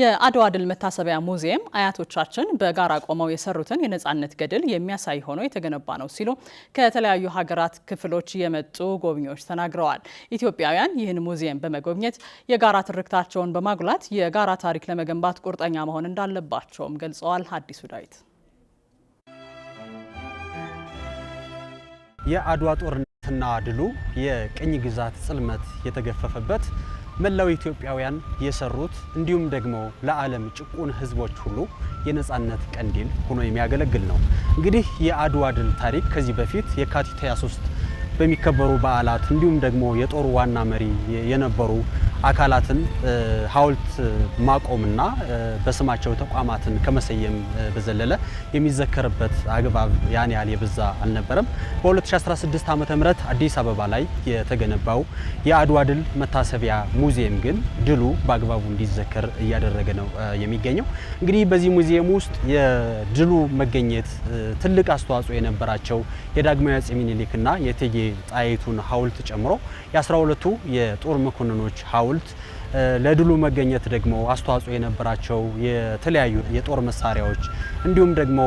የአድዋ ድል መታሰቢያ ሙዚየም አያቶቻችን በጋራ ቆመው የሰሩትን የነፃነት ገድል የሚያሳይ ሆኖ የተገነባ ነው ሲሉ ከተለያዩ ሀገራት ክፍሎች የመጡ ጎብኚዎች ተናግረዋል። ኢትዮጵያውያን ይህን ሙዚየም በመጎብኘት የጋራ ትርክታቸውን በማጉላት የጋራ ታሪክ ለመገንባት ቁርጠኛ መሆን እንዳለባቸውም ገልጸዋል። አዲሱ ዳዊት የአድዋ ጦርነትና ድሉ የቅኝ ግዛት ጽልመት የተገፈፈበት መላው ኢትዮጵያውያን የሰሩት እንዲሁም ደግሞ ለዓለም ጭቁን ህዝቦች ሁሉ የነጻነት ቀንዲል ሆኖ የሚያገለግል ነው። እንግዲህ የአድዋ ድል ታሪክ ከዚህ በፊት የካቲት 23 በሚከበሩ በዓላት እንዲሁም ደግሞ የጦር ዋና መሪ የነበሩ አካላትን ሐውልት ማቆምና በስማቸው ተቋማትን ከመሰየም በዘለለ የሚዘከርበት አግባብ ያን ያህል የበዛ አልነበረም። በ2016 ዓ ም አዲስ አበባ ላይ የተገነባው የአድዋ ድል መታሰቢያ ሙዚየም ግን ድሉ በአግባቡ እንዲዘከር እያደረገ ነው የሚገኘው። እንግዲህ በዚህ ሙዚየም ውስጥ የድሉ መገኘት ትልቅ አስተዋጽኦ የነበራቸው የዳግማዊ አፄ ሚኒሊክና የእቴጌ ጣይቱን ሐውልት ጨምሮ የ12ቱ የጦር መኮንኖች ሐውልት ሐውልት ለድሉ መገኘት ደግሞ አስተዋጽኦ የነበራቸው የተለያዩ የጦር መሳሪያዎች እንዲሁም ደግሞ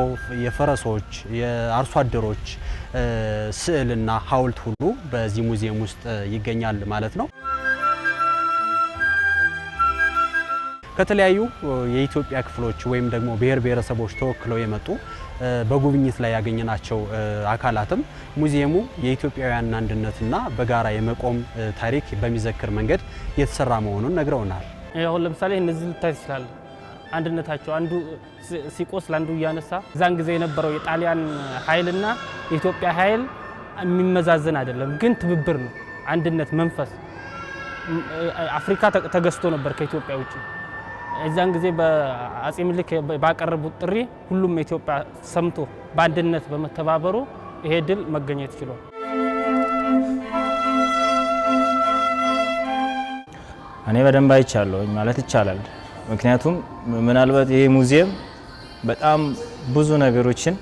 የፈረሶች፣ የአርሶ አደሮች ስዕልና ሐውልት ሁሉ በዚህ ሙዚየም ውስጥ ይገኛል ማለት ነው። ከተለያዩ የኢትዮጵያ ክፍሎች ወይም ደግሞ ብሔር ብሔረሰቦች ተወክለው የመጡ በጉብኝት ላይ ያገኘናቸው አካላትም ሙዚየሙ የኢትዮጵያውያን አንድነትና በጋራ የመቆም ታሪክ በሚዘክር መንገድ የተሰራ መሆኑን ነግረውናል። አሁን ለምሳሌ እነዚህ ልታይ ይችላል። አንድነታቸው አንዱ ሲቆስል አንዱ እያነሳ እዛን ጊዜ የነበረው የጣሊያን ኃይልና የኢትዮጵያ ኃይል የሚመዛዘን አይደለም፣ ግን ትብብር ነው፣ አንድነት መንፈስ። አፍሪካ ተገዝቶ ነበር ከኢትዮጵያ ውጭ እዚያን ጊዜ በአጼ ምኒልክ ባቀረቡት ጥሪ ሁሉም ኢትዮጵያ ሰምቶ በአንድነት በመተባበሩ ይሄ ድል መገኘት ችሏል። እኔ በደንብ አይቻለሁኝ ማለት ይቻላል። ምክንያቱም ምናልባት ይሄ ሙዚየም በጣም ብዙ ነገሮችን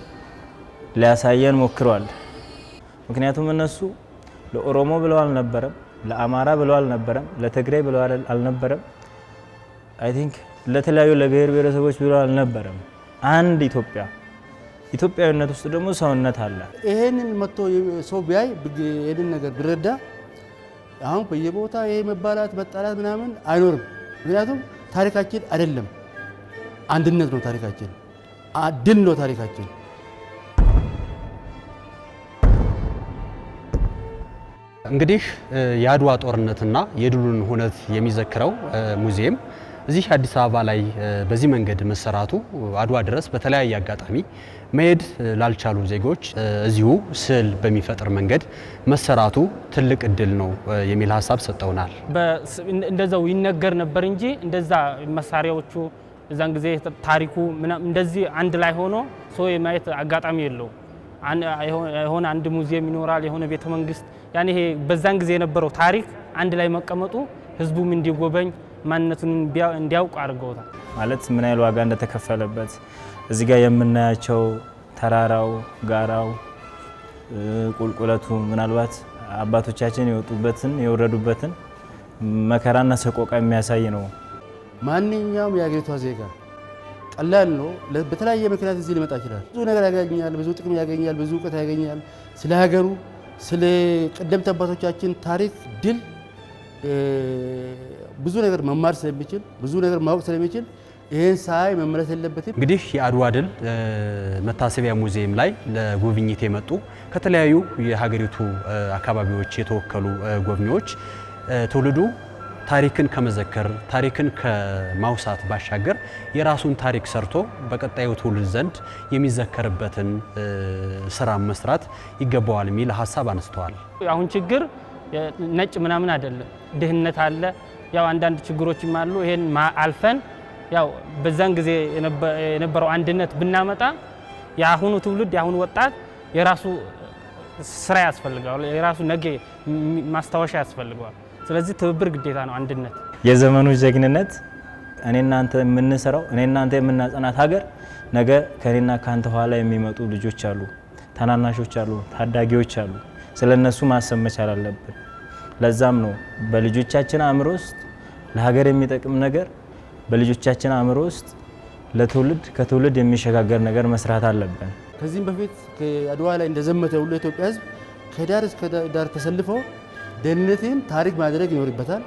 ሊያሳየን ሞክሯል። ምክንያቱም እነሱ ለኦሮሞ ብለው አልነበረም፣ ለአማራ ብለው አልነበረም፣ ለትግራይ ብለው አልነበረም አይ ቲንክ ለተለያዩ ለብሔር ብሔረሰቦች ብሎ አልነበረም። አንድ ኢትዮጵያ ኢትዮጵያዊነት ውስጥ ደግሞ ሰውነት አለ። ይሄንን መጥቶ ሰው ቢያይ ይሄንን ነገር ቢረዳ አሁን በየቦታ ይሄ መባላት መጣላት ምናምን አይኖርም። ምክንያቱም ታሪካችን አይደለም፣ አንድነት ነው ታሪካችን፣ ድል ነው ታሪካችን። እንግዲህ የአድዋ ጦርነትና የድሉን ሁነት የሚዘክረው ሙዚየም እዚህ አዲስ አበባ ላይ በዚህ መንገድ መሰራቱ አድዋ ድረስ በተለያየ አጋጣሚ መሄድ ላልቻሉ ዜጎች እዚሁ ስዕል በሚፈጥር መንገድ መሰራቱ ትልቅ እድል ነው የሚል ሀሳብ ሰጠውናል። እንደዛው ይነገር ነበር እንጂ እንደዛ መሳሪያዎቹ እዛን ጊዜ ታሪኩ እንደዚህ አንድ ላይ ሆኖ ሰው የማየት አጋጣሚ የለው። የሆነ አንድ ሙዚየም ይኖራል፣ የሆነ ቤተ መንግስት። ያኔ በዛን ጊዜ የነበረው ታሪክ አንድ ላይ መቀመጡ ህዝቡም እንዲጎበኝ ማንነቱን እንዲያውቁ አድርገውታል። ማለት ምን ያህል ዋጋ እንደተከፈለበት እዚህ ጋር የምናያቸው ተራራው፣ ጋራው፣ ቁልቁለቱ ምናልባት አባቶቻችን የወጡበትን የወረዱበትን መከራና ሰቆቃ የሚያሳይ ነው። ማንኛውም የአገሪቷ ዜጋ ቀላል ነው። በተለያየ ምክንያት እዚህ ሊመጣ ይችላል። ብዙ ነገር ያገኛል፣ ብዙ ጥቅም ያገኛል፣ ብዙ እውቀት ያገኛል። ስለ ሀገሩ፣ ስለ ቀደምት አባቶቻችን ታሪክ ድል ብዙ ነገር መማር ስለሚችል ብዙ ነገር ማወቅ ስለሚችል ይህን ሳይ መመለስ የለበትም። እንግዲህ የአድዋ ድል መታሰቢያ ሙዚየም ላይ ለጉብኝት የመጡ ከተለያዩ የሀገሪቱ አካባቢዎች የተወከሉ ጎብኚዎች ትውልዱ ታሪክን ከመዘከር ታሪክን ከማውሳት ባሻገር የራሱን ታሪክ ሰርቶ በቀጣዩ ትውልድ ዘንድ የሚዘከርበትን ስራ መስራት ይገባዋል የሚል ሀሳብ አንስተዋል። አሁን ችግር ነጭ ምናምን አይደለም፣ ድህነት አለ ያው አንዳንድ ችግሮችም አሉ። ይሄን አልፈን ያው በዛን ጊዜ የነበረው አንድነት ብናመጣ የአሁኑ ትውልድ የአሁኑ ወጣት የራሱ ስራ ያስፈልገዋል፣ የራሱ ነገ ማስታወሻ ያስፈልገዋል። ስለዚህ ትብብር ግዴታ ነው። አንድነት የዘመኑ ጀግንነት እኔ እናንተ የምንሰራው እኔ እናንተ የምናጸናት ሀገር ነገ ከኔና ከአንተ ኋላ የሚመጡ ልጆች አሉ፣ ታናናሾች አሉ፣ ታዳጊዎች አሉ። ስለ እነሱ ማሰብ መቻል አለብን። ለዛም ነው በልጆቻችን አእምሮ ውስጥ ለሀገር የሚጠቅም ነገር በልጆቻችን አእምሮ ውስጥ ለትውልድ ከትውልድ የሚሸጋገር ነገር መስራት አለብን። ከዚህም በፊት አድዋ ላይ እንደዘመተ ሁሉ ኢትዮጵያ ሕዝብ ከዳር እስከ ዳር ተሰልፈው ደህንነትን ታሪክ ማድረግ ይኖርበታል።